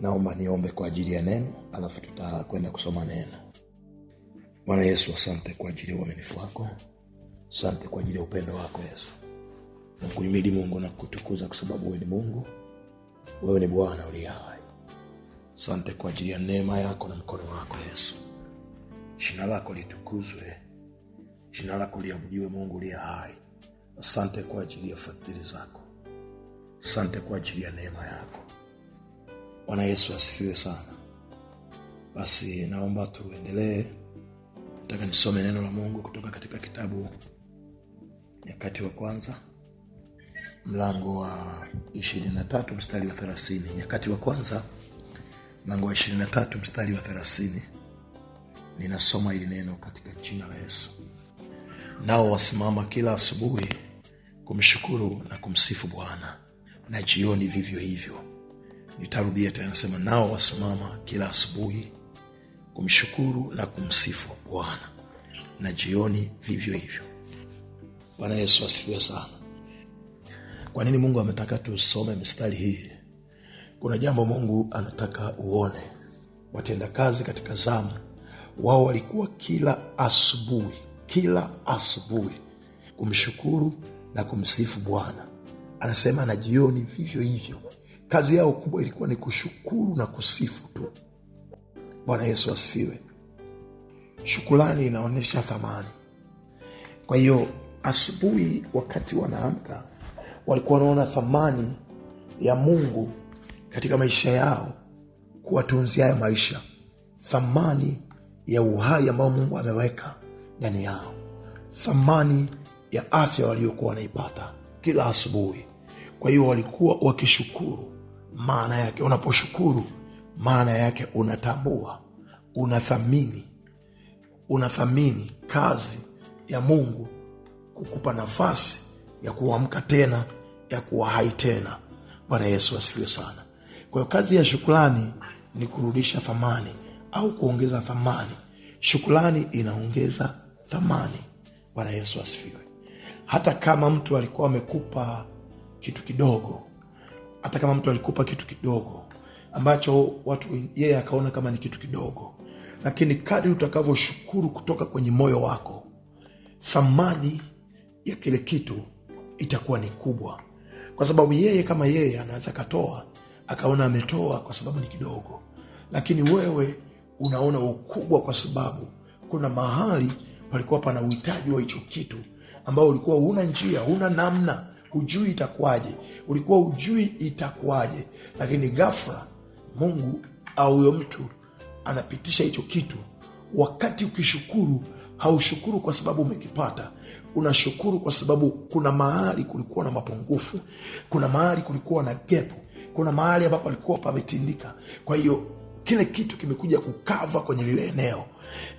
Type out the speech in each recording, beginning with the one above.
Naomba niombe kwa ajili ya neno, alafu tutakwenda kusoma neno. Bwana Yesu, asante kwa ajili ya uaminifu wako, asante kwa ajili ya upendo wako Yesu. nakuimidi Mungu na kutukuza kwa sababu wewe ni Mungu, wewe ni Bwana uliye hai. Asante kwa ajili ya neema yako na mkono wako Yesu. Jina lako litukuzwe, jina lako liabudiwe, Mungu uliye hai. Asante kwa ajili ya fadhili zako, asante kwa ajili ya neema yako Bwana Yesu asifiwe sana. Basi naomba tuendelee, nataka nisome neno la Mungu kutoka katika kitabu Nyakati wa Kwanza mlango wa ishirini na tatu mstari wa thelathini. Nyakati wa Kwanza mlango wa ishirini na tatu mstari wa thelathini. Ninasoma hili neno katika jina la Yesu. Nao wasimama kila asubuhi kumshukuru na kumsifu Bwana, na jioni vivyo hivyo Nitarudia tena, nasema nao wasimama kila asubuhi kumshukuru na kumsifu Bwana na jioni vivyo hivyo. Bwana Yesu asifiwe sana. Kwa nini Mungu ametaka tusome mistari hii? Kuna jambo Mungu anataka uone. Watendakazi katika zamu wao walikuwa kila asubuhi, kila asubuhi kumshukuru na kumsifu Bwana, anasema na jioni vivyo hivyo. Kazi yao kubwa ilikuwa ni kushukuru na kusifu tu. Bwana Yesu asifiwe. shukurani inaonyesha thamani. Kwa hiyo asubuhi, wakati wanaamka, walikuwa wanaona thamani ya Mungu katika maisha yao, kuwatunzia hayo maisha, thamani ya uhai ambao Mungu ameweka ndani yao, thamani ya afya waliokuwa wanaipata kila asubuhi. Kwa hiyo walikuwa wakishukuru. Maana yake unaposhukuru, maana yake unatambua, unathamini, unathamini kazi ya Mungu kukupa nafasi ya kuamka tena, ya kuwa hai tena. Bwana Yesu asifiwe sana. Kwa hiyo kazi ya shukrani ni kurudisha thamani au kuongeza thamani. Shukrani inaongeza thamani. Bwana Yesu asifiwe. Hata kama mtu alikuwa amekupa kitu kidogo, hata kama mtu alikupa kitu kidogo ambacho watu yeye akaona kama ni kitu kidogo, lakini kadri utakavyoshukuru kutoka kwenye moyo wako, thamani ya kile kitu itakuwa ni kubwa, kwa sababu yeye kama yeye anaweza akatoa akaona ametoa kwa sababu ni kidogo, lakini wewe unaona ukubwa kwa sababu kuna mahali palikuwa pana uhitaji wa hicho kitu ambao ulikuwa huna njia, huna namna hujui itakuwaje, ulikuwa hujui itakuwaje, lakini ghafla Mungu au huyo mtu anapitisha hicho kitu. Wakati ukishukuru, haushukuru kwa sababu umekipata, unashukuru kwa sababu kuna mahali kulikuwa na mapungufu, kuna mahali kulikuwa na gepu, kuna mahali ambapo palikuwa pametindika. Kwa hiyo kile kitu kimekuja kukava kwenye lile eneo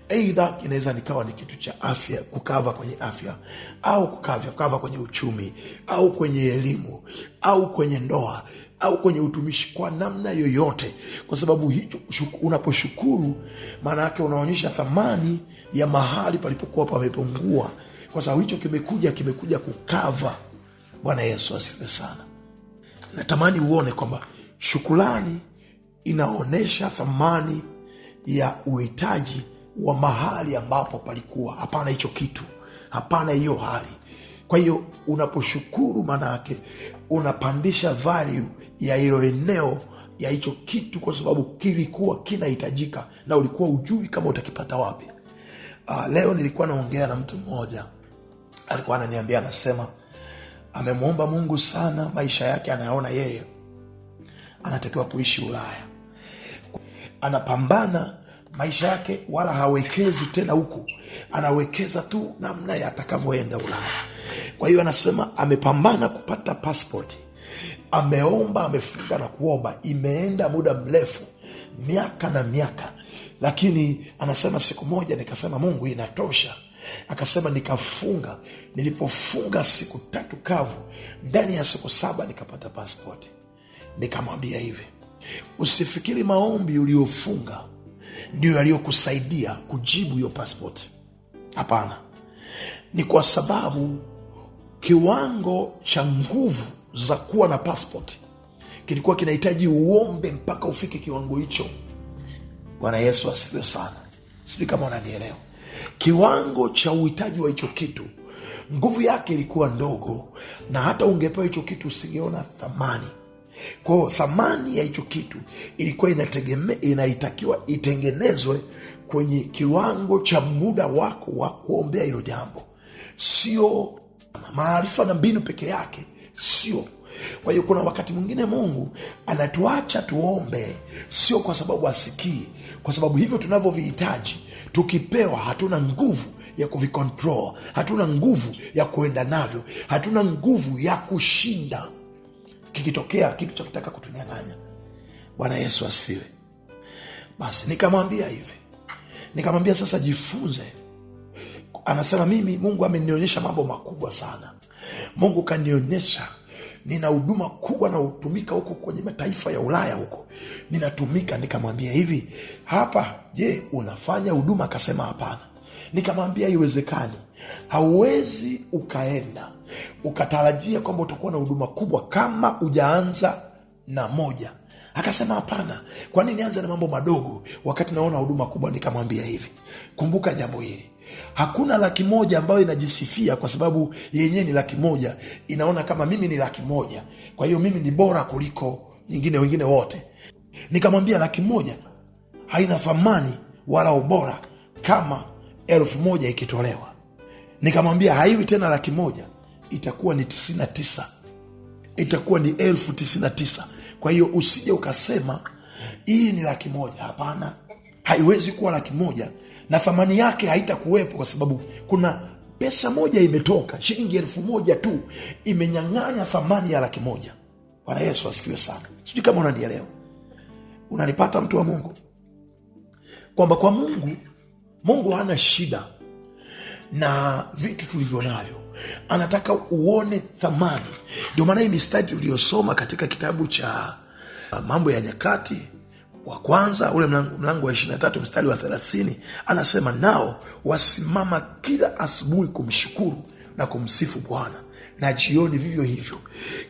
eidha inaweza nikawa ni kitu cha afya, kukava kwenye afya au kukava, kukava kwenye uchumi au kwenye elimu au kwenye ndoa au kwenye utumishi kwa namna yoyote, kwa sababu hicho unaposhukuru, maana yake unaonyesha thamani ya mahali palipokuwa pamepungua, kwa sababu hicho kimekuja kimekuja kukava. Bwana Yesu asifiwe sana. Natamani uone kwamba shukulani inaonyesha thamani ya uhitaji wa mahali ambapo palikuwa, hapana hicho kitu, hapana hiyo hali. Kwa hiyo unaposhukuru, maana yake unapandisha value ya hilo eneo ya hicho kitu, kwa sababu kilikuwa kinahitajika na ulikuwa ujui kama utakipata wapi. Uh, leo nilikuwa naongea na mtu mmoja alikuwa ananiambia, anasema amemwomba Mungu sana, maisha yake anayaona yeye anatakiwa kuishi Ulaya, anapambana maisha yake wala hawekezi tena huko, anawekeza tu namna ya atakavyoenda Ulaya. Kwa hiyo anasema amepambana kupata paspoti ameomba, amefunga na kuomba, imeenda muda mrefu, miaka na miaka, lakini anasema siku moja nikasema, Mungu, inatosha. Akasema nikafunga. Nilipofunga siku tatu kavu, ndani ya siku saba nikapata paspoti Nikamwambia hivi, usifikiri maombi uliofunga ndiyo yaliyokusaidia kujibu hiyo passport? Hapana, ni kwa sababu kiwango cha nguvu za kuwa na passport kilikuwa kinahitaji uombe mpaka ufike kiwango hicho. Bwana Yesu asifiwe sana, sijui kama unanielewa. Kiwango cha uhitaji wa hicho kitu, nguvu yake ilikuwa ndogo, na hata ungepewa hicho kitu usingeona thamani kwao. thamani ya hicho kitu ilikuwa inaitakiwa itengenezwe kwenye kiwango cha muda wako wa kuombea hilo jambo, sio maarifa na mbinu peke yake, sio kwa hiyo kuna wakati mwingine Mungu anatuacha tuombe, sio kwa sababu asikii, kwa sababu hivyo tunavyovihitaji tukipewa, hatuna nguvu ya kuvikontrol, hatuna nguvu ya kuenda navyo, hatuna nguvu ya kushinda kikitokea kitu cha kutaka nanya Bwana Yesu asifiwe. Basi nikamwambia hivi, nikamwambia sasa, jifunze. Anasema mimi, Mungu amenionyesha mambo makubwa sana. Mungu kanionyesha nina huduma kubwa nautumika huko kwenye mataifa ya Ulaya huko ninatumika. Nikamwambia hivi, hapa je, unafanya huduma? Akasema hapana. Nikamwambia iwezekani hauwezi ukaenda ukatarajia kwamba utakuwa na huduma kubwa kama ujaanza na moja. Akasema hapana, kwani nianze na mambo madogo wakati naona huduma kubwa? Nikamwambia hivi, kumbuka jambo hili hakuna laki moja ambayo inajisifia kwa sababu yenyewe ni laki moja, inaona kama mimi ni laki moja, kwa hiyo mimi ni bora kuliko nyingine wengine wote. Nikamwambia laki moja haina thamani wala ubora kama elfu moja ikitolewa, nikamwambia haiwi tena laki moja, itakuwa ni tisini na tisa, itakuwa ni elfu tisini na tisa. Kwa hiyo usije ukasema hii ni laki moja. Hapana, haiwezi kuwa laki moja na thamani yake haitakuwepo, kwa sababu kuna pesa moja imetoka, shilingi elfu moja tu imenyang'anya thamani ya laki moja. Bwana Yesu asifiwe sana. Sijui kama unanielewa, unanipata mtu wa Mungu, kwamba kwa Mungu Mungu hana shida na vitu tulivyo navyo, anataka uone thamani. Ndio maana hii mistari tuliyosoma katika kitabu cha uh, Mambo ya Nyakati wa kwanza ule mlango wa ishirini na tatu mstari wa thelathini anasema nao wasimama kila asubuhi kumshukuru na kumsifu Bwana na jioni vivyo hivyo.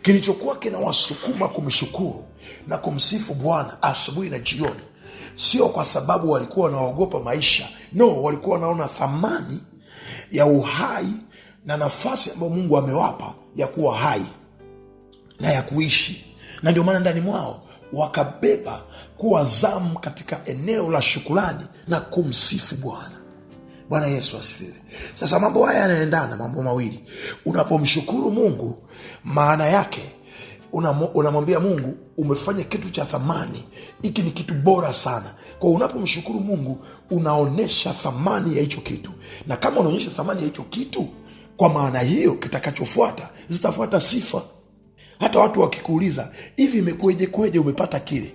Kilichokuwa kinawasukuma kumshukuru na kumsifu Bwana asubuhi na jioni sio kwa sababu walikuwa wanaogopa maisha No, walikuwa wanaona thamani ya uhai na nafasi ambayo Mungu amewapa ya kuwa hai na ya kuishi, na ndio maana ndani mwao wakabeba kuwa zamu katika eneo la shukurani na kumsifu Bwana. Bwana Yesu asifiwe. Sasa mambo haya yanaendana, mambo mawili. Unapomshukuru Mungu, maana yake unamwambia Mungu umefanya kitu cha thamani, hiki ni kitu bora sana. kwao unapomshukuru Mungu unaonyesha thamani ya hicho kitu, na kama unaonyesha thamani ya hicho kitu, kwa maana hiyo kitakachofuata zitafuata sifa. Hata watu wakikuuliza hivi, imekueje kweje umepata kile,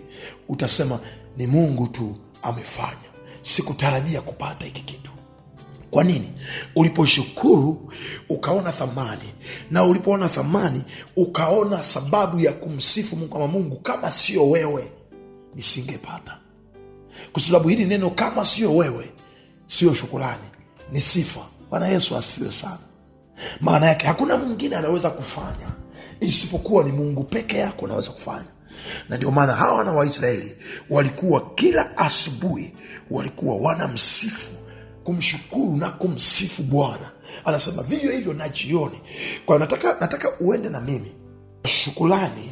utasema ni Mungu tu amefanya, sikutarajia kupata hiki kitu. Kwa nini? Uliposhukuru ukaona thamani, na ulipoona thamani ukaona sababu ya kumsifu Mungu kama Mungu, kama sio wewe nisingepata. Kwa sababu hili neno kama sio wewe, sio shukurani, ni sifa. Bwana Yesu asifiwe sana. Maana yake hakuna mwingine anaweza kufanya isipokuwa ni Mungu peke yako anaweza kufanya, na ndio maana hawa wana Waisraeli walikuwa kila asubuhi walikuwa wanamsifu kumshukuru na kumsifu Bwana. Anasema vivyo hivyo na jioni. Kwa nataka, nataka uende na mimi, shukulani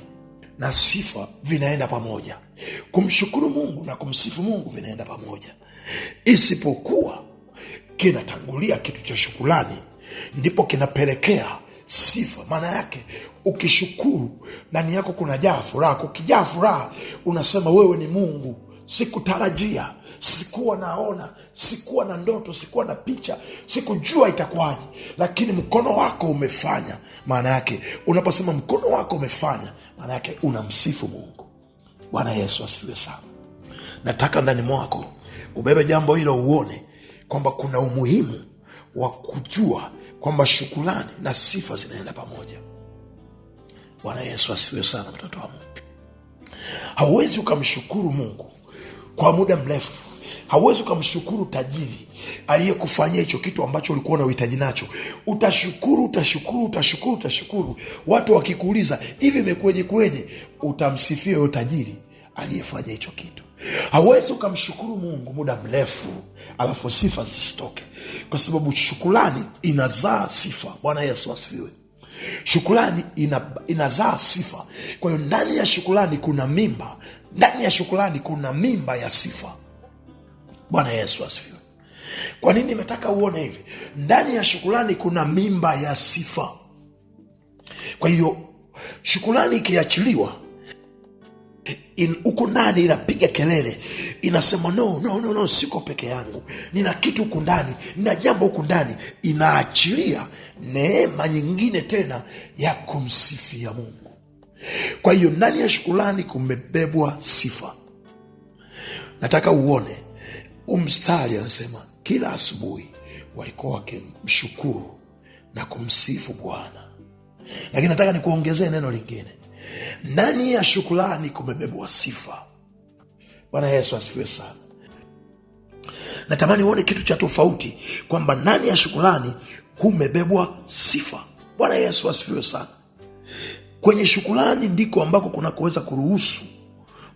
na sifa vinaenda pamoja. Kumshukuru Mungu na kumsifu Mungu vinaenda pamoja, isipokuwa kinatangulia kitu cha shukulani ndipo kinapelekea sifa. Maana yake ukishukuru, ndani yako kunajaa furaha. Kukijaa furaha, unasema wewe ni Mungu, sikutarajia, sikuwa naona sikuwa na ndoto, sikuwa na picha, sikujua itakuwaje, lakini mkono wako umefanya. Maana yake unaposema mkono wako umefanya, maana yake unamsifu Mungu. Bwana Yesu asifiwe sana. Nataka ndani mwako ubebe jambo hilo, uone kwamba kuna umuhimu wa kujua kwamba shukulani na sifa zinaenda pamoja. Bwana Yesu asifiwe sana, mtoto wa Mungu. Hauwezi ukamshukuru Mungu kwa muda mrefu Hauwezi ukamshukuru tajiri aliyekufanyia hicho kitu ambacho ulikuwa na uhitaji nacho. Utashukuru, utashukuru, utashukuru, utashukuru. Watu wakikuuliza hivi imekueje kweje, utamsifia huyo tajiri aliyefanya hicho kitu. Hauwezi ukamshukuru Mungu muda mrefu alafu sifa zisitoke, kwa sababu shukurani inazaa sifa. Bwana Yesu asifiwe. Shukurani ina, inazaa sifa. Kwa hiyo ndani ya shukulani kuna mimba, ndani ya shukulani kuna mimba ya sifa. Bwana Yesu asifiwe. Kwa nini nataka uone hivi? Ndani ya shukrani kuna mimba ya sifa. Kwa hiyo shukrani ikiachiliwa huku ndani inapiga kelele, inasema no, no, no, no, siko peke yangu, nina kitu huku ndani, nina jambo huku ndani. Inaachilia neema nyingine tena ya kumsifia Mungu. Kwa hiyo ndani ya shukrani kumebebwa sifa. Nataka uone umstari anasema kila asubuhi walikuwa wakimshukuru na kumsifu Bwana. Lakini nataka nikuongezee neno lingine, ndani ya shukurani kumebebwa sifa. Bwana Yesu asifiwe sana. Natamani uone kitu cha tofauti kwamba ndani ya shukurani kumebebwa sifa. Bwana Yesu asifiwe sana. Kwenye shukurani ndiko ambako kunakuweza kuruhusu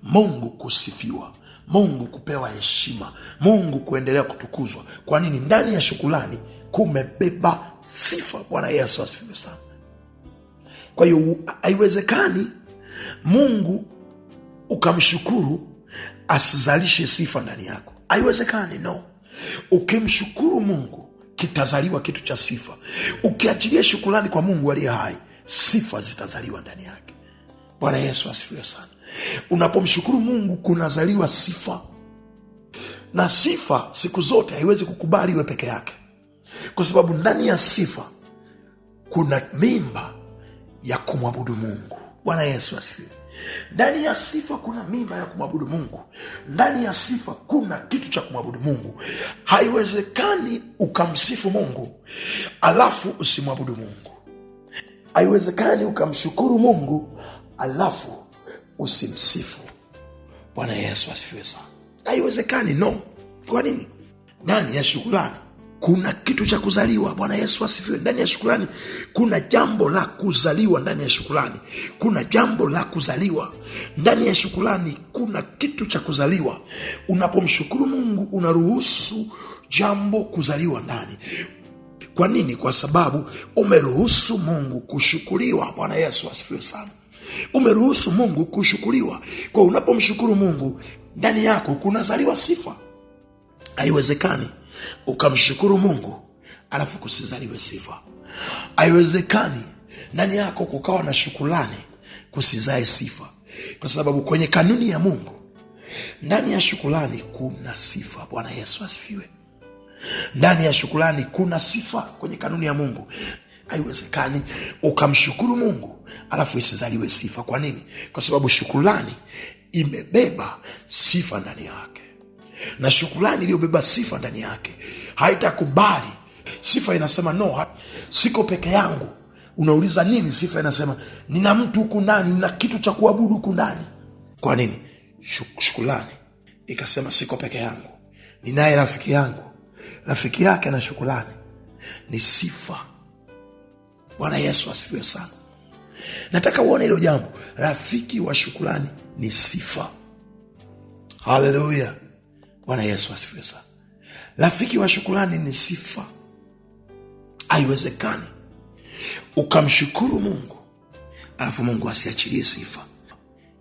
Mungu kusifiwa. Mungu kupewa heshima, Mungu kuendelea kutukuzwa. Kwa nini? Ndani ya shukulani kumebeba sifa. Bwana Yesu asifiwe sana. Kwa hiyo haiwezekani Mungu ukamshukuru asizalishe sifa ndani yako, haiwezekani. No, ukimshukuru Mungu kitazaliwa kitu cha sifa. Ukiachilia shukulani kwa Mungu aliye hai, sifa zitazaliwa ndani yake. Bwana Yesu asifiwe sana. Unapomshukuru Mungu kunazaliwa sifa, na sifa siku zote haiwezi kukubali iwe peke yake, kwa sababu ndani ya sifa kuna mimba ya kumwabudu Mungu. Bwana Yesu asifiwe. Ndani ya sifa kuna mimba ya kumwabudu Mungu, ndani ya sifa kuna kitu cha kumwabudu Mungu. Haiwezekani ukamsifu Mungu alafu usimwabudu Mungu. Haiwezekani ukamshukuru Mungu alafu usimsifu Bwana Yesu asifiwe sana. Haiwezekani, no. Kwa nini? Ndani ya shukurani kuna kitu cha kuzaliwa. Bwana Yesu asifiwe. Ndani ya shukurani kuna jambo la kuzaliwa. Ndani ya shukurani kuna jambo la kuzaliwa. Ndani ya shukurani kuna kitu cha kuzaliwa. Unapomshukuru Mungu unaruhusu jambo kuzaliwa ndani. Kwa nini? Kwa sababu umeruhusu Mungu kushukuliwa Bwana Yesu asifiwe sana umeruhusu Mungu kushukuliwa Kwa unapomshukuru Mungu ndani yako kunazaliwa sifa. Haiwezekani ukamshukuru Mungu alafu kusizaliwe sifa. Haiwezekani ndani yako kukawa na shukulani kusizae sifa, kwa sababu kwenye kanuni ya Mungu ndani ya shukulani kuna sifa. Bwana Yesu asifiwe. Ndani ya shukulani kuna sifa kwenye kanuni ya Mungu. Haiwezekani ukamshukuru Mungu alafu isizaliwe sifa. Kwa nini? Kwa sababu shukulani imebeba sifa ndani yake, na shukulani iliyobeba sifa ndani yake haitakubali sifa. Inasema no, siko peke yangu. Unauliza nini? Sifa inasema nina mtu huku ndani, nina kitu cha kuabudu huku ndani. Kwa nini? shukulani ikasema siko peke yangu, ninaye rafiki yangu. Rafiki yake na shukulani ni sifa. Bwana Yesu asifiwe sana. Nataka uone hilo jambo. Rafiki wa shukurani ni sifa. Haleluya, Bwana Yesu asifiwe sana. Rafiki wa shukurani ni sifa. Haiwezekani ukamshukuru Mungu alafu Mungu asiachilie sifa.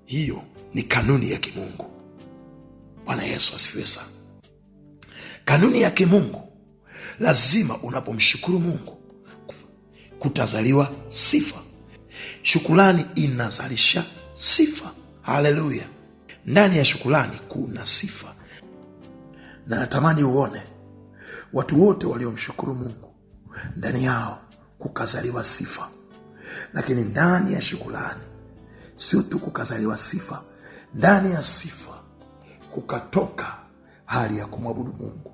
Hiyo ni kanuni ya kimungu. Bwana Yesu asifiwe sana. Kanuni ya kimungu, lazima unapomshukuru Mungu kutazaliwa sifa. Shukurani inazalisha sifa. Haleluya! Ndani ya shukurani kuna sifa, na natamani uone watu wote waliomshukuru Mungu ndani yao kukazaliwa sifa. Lakini ndani ya shukurani sio tu kukazaliwa sifa, ndani ya sifa kukatoka hali ya kumwabudu Mungu,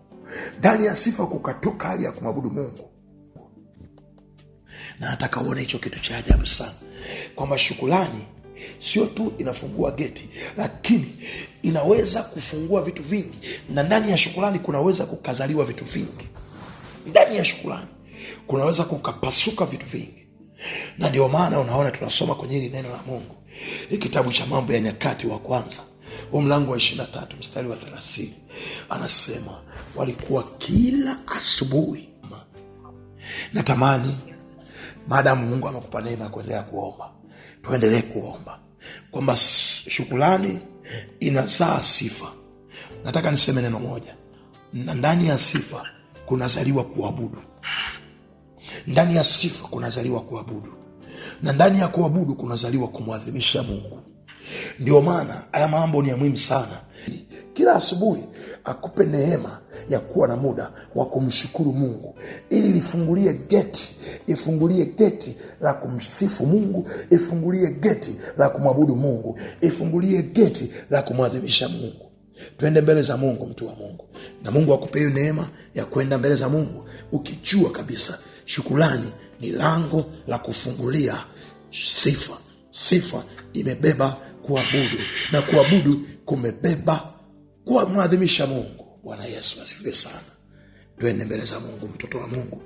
ndani ya sifa kukatoka hali ya kumwabudu Mungu. Na nataka uone hicho kitu cha ajabu sana kwamba shukulani sio tu inafungua geti, lakini inaweza kufungua vitu vingi, na ndani ya shukulani kunaweza kukazaliwa vitu vingi. Ndani ya shukulani kunaweza kukapasuka vitu vingi, na ndio maana unaona tunasoma kwenye hili neno la Mungu, hii kitabu cha Mambo ya Nyakati wa Kwanza huu mlango wa ishirina tatu mstari wa thelathini anasema walikuwa kila asubuhi natamani maadamu Mungu amekupa neema ya kuendelea kuomba, tuendelee kuomba kwamba shukulani inazaa sifa. Nataka niseme neno moja, na ndani ya sifa kunazaliwa kuabudu, ndani ya sifa kunazaliwa kuabudu, na ndani ya kuabudu kunazaliwa kumwadhimisha Mungu. Ndio maana haya mambo ni ya muhimu sana. Kila asubuhi akupe neema ya kuwa na muda wa kumshukuru Mungu, ili lifungulie geti, ifungulie geti la kumsifu Mungu, ifungulie geti la kumwabudu Mungu, ifungulie geti la kumwadhimisha Mungu. Twende mbele za Mungu, mtu wa Mungu, na Mungu akupe hiyo neema ya kwenda mbele za Mungu ukijua kabisa shukulani ni lango la kufungulia sifa. Sifa imebeba kuabudu na kuabudu kumebeba kuwa mwadhimisha Mungu. Bwana Yesu asifiwe sana. Twende mbele za Mungu, mtoto wa Mungu.